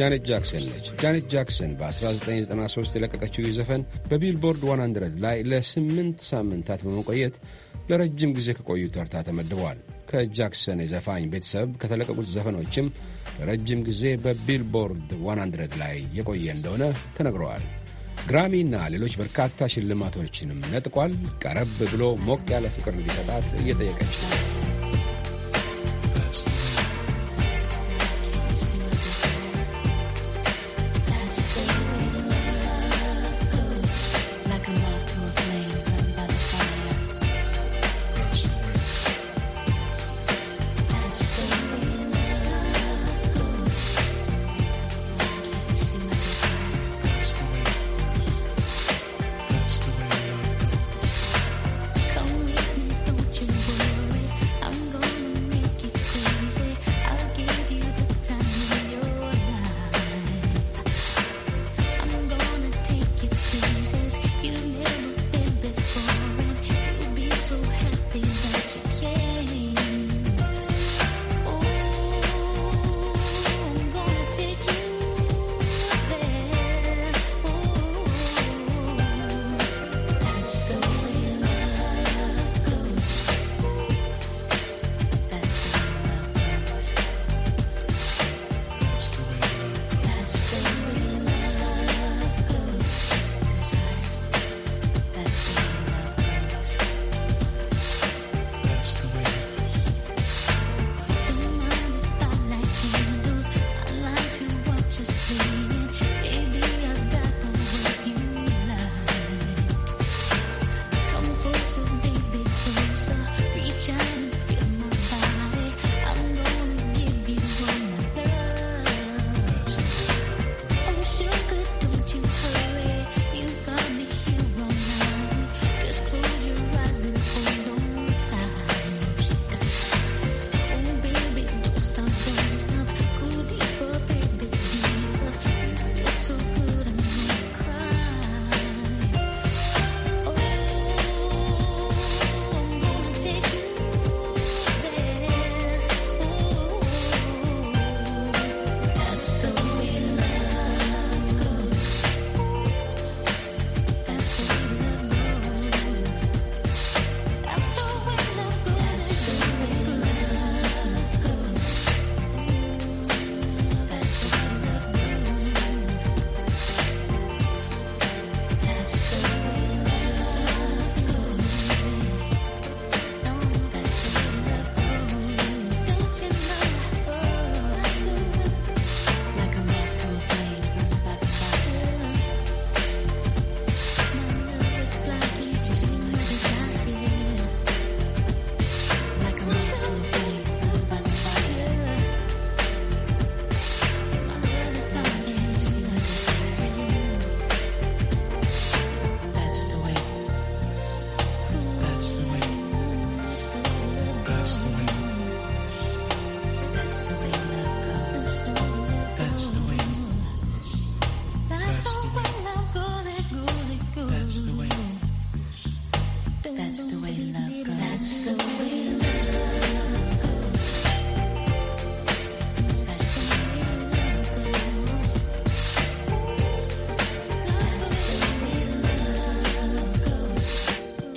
ጃኔት ጃክሰን ነች። ጃኔት ጃክሰን በ1993 የለቀቀችው ይህ ዘፈን በቢልቦርድ 100 ላይ ለስምንት ሳምንታት በመቆየት ለረጅም ጊዜ ከቆዩ ተርታ ተመድበዋል። ከጃክሰን የዘፋኝ ቤተሰብ ከተለቀቁት ዘፈኖችም ለረጅም ጊዜ በቢልቦርድ 100 ላይ የቆየ እንደሆነ ተነግረዋል። ግራሚ እና ሌሎች በርካታ ሽልማቶችንም ነጥቋል። ቀረብ ብሎ ሞቅ ያለ ፍቅር እንዲሰጣት እየጠየቀች ነው።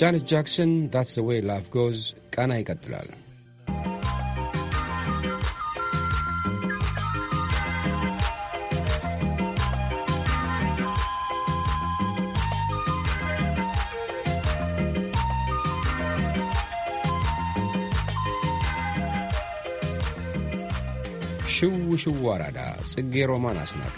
ጃኔት ጃክሰን ዳትስ ዘ ዌይ ላፍ ጎዝ ቃና ይቀጥላል። ሽው ሽው አራዳ ጽጌ ሮማን አስናቀ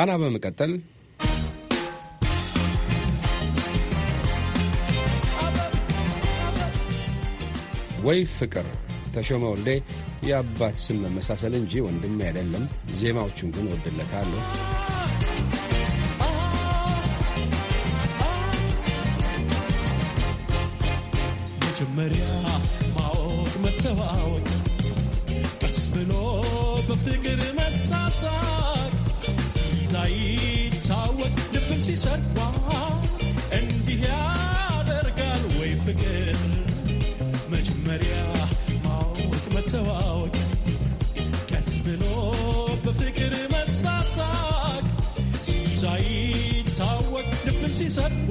ቃና በመቀጠል ወይ ፍቅር ተሾመ ወልዴ የአባት ስም መመሳሰል እንጂ ወንድም አይደለም። ዜማዎቹን ግን ወድለታለሁ። መጀመሪያ ማወቅ መተዋወቅ ቀስ ብሎ በፍቅር መሳሳት ሳይታወቅ ልብን ሲሰርፏ እንዲህ ያደርጋል ወይ ፍቅር? መጀመሪያ ማወቅ መተዋወቅ፣ ቀስ ብሎ በፍቅር መሳሳቅ ሳይታወቅ ልብን ሲሰርፏ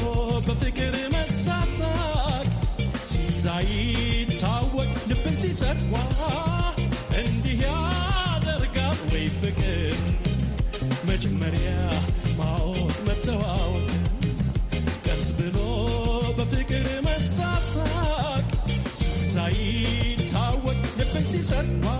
ሰጥዋ እንዲህ ያደርጋል ወይ ፍቅር? መጀመሪያ ማወቅ መተዋወቅ፣ ቀስ ብሎ በፍቅር መሳሳቅ ሳይታወቅ ልብን ሲሰጥዋ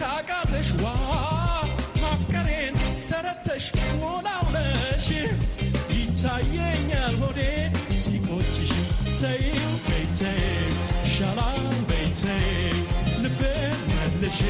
ካቃተሽ ዋ ማፍቀሬን ተረተሽ ሞላውነሽ ይታየኛል ሆዴ ሲቆጭሽ ተይው በይተይ ሻላን በይተይ ልቤን መልሽ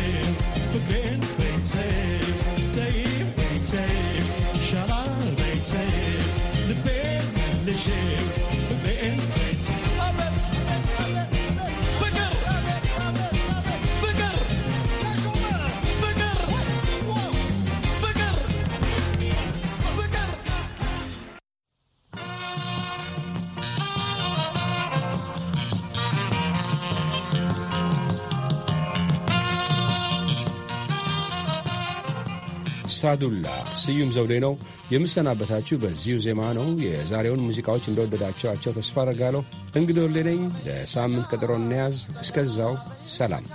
ሳዱላ ስዩም ዘውዴ ነው የምሰናበታችሁ። በዚሁ ዜማ ነው። የዛሬውን ሙዚቃዎች እንደወደዳቸዋቸው ተስፋ አረጋለሁ። እንግዲ ወሌ ነኝ። ለሳምንት ቀጠሮ እንያዝ። እስከዛው ሰላም።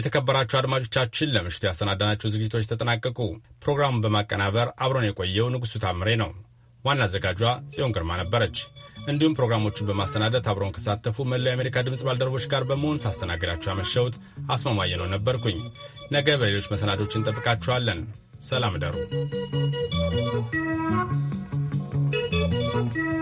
የተከበራችሁ አድማጮቻችን ለምሽቱ ያሰናዳናቸው ዝግጅቶች ተጠናቀቁ። ፕሮግራሙን በማቀናበር አብሮን የቆየው ንጉሡ ታምሬ ነው። ዋና አዘጋጇ ጽዮን ግርማ ነበረች። እንዲሁም ፕሮግራሞቹን በማሰናደት አብረውን ከተሳተፉ መላው የአሜሪካ ድምፅ ባልደረቦች ጋር በመሆን ሳስተናግዳችሁ ያመሸሁት አስማማየ ነው ነበርኩኝ። ነገ በሌሎች መሰናዶች እንጠብቃችኋለን። ሰላም you.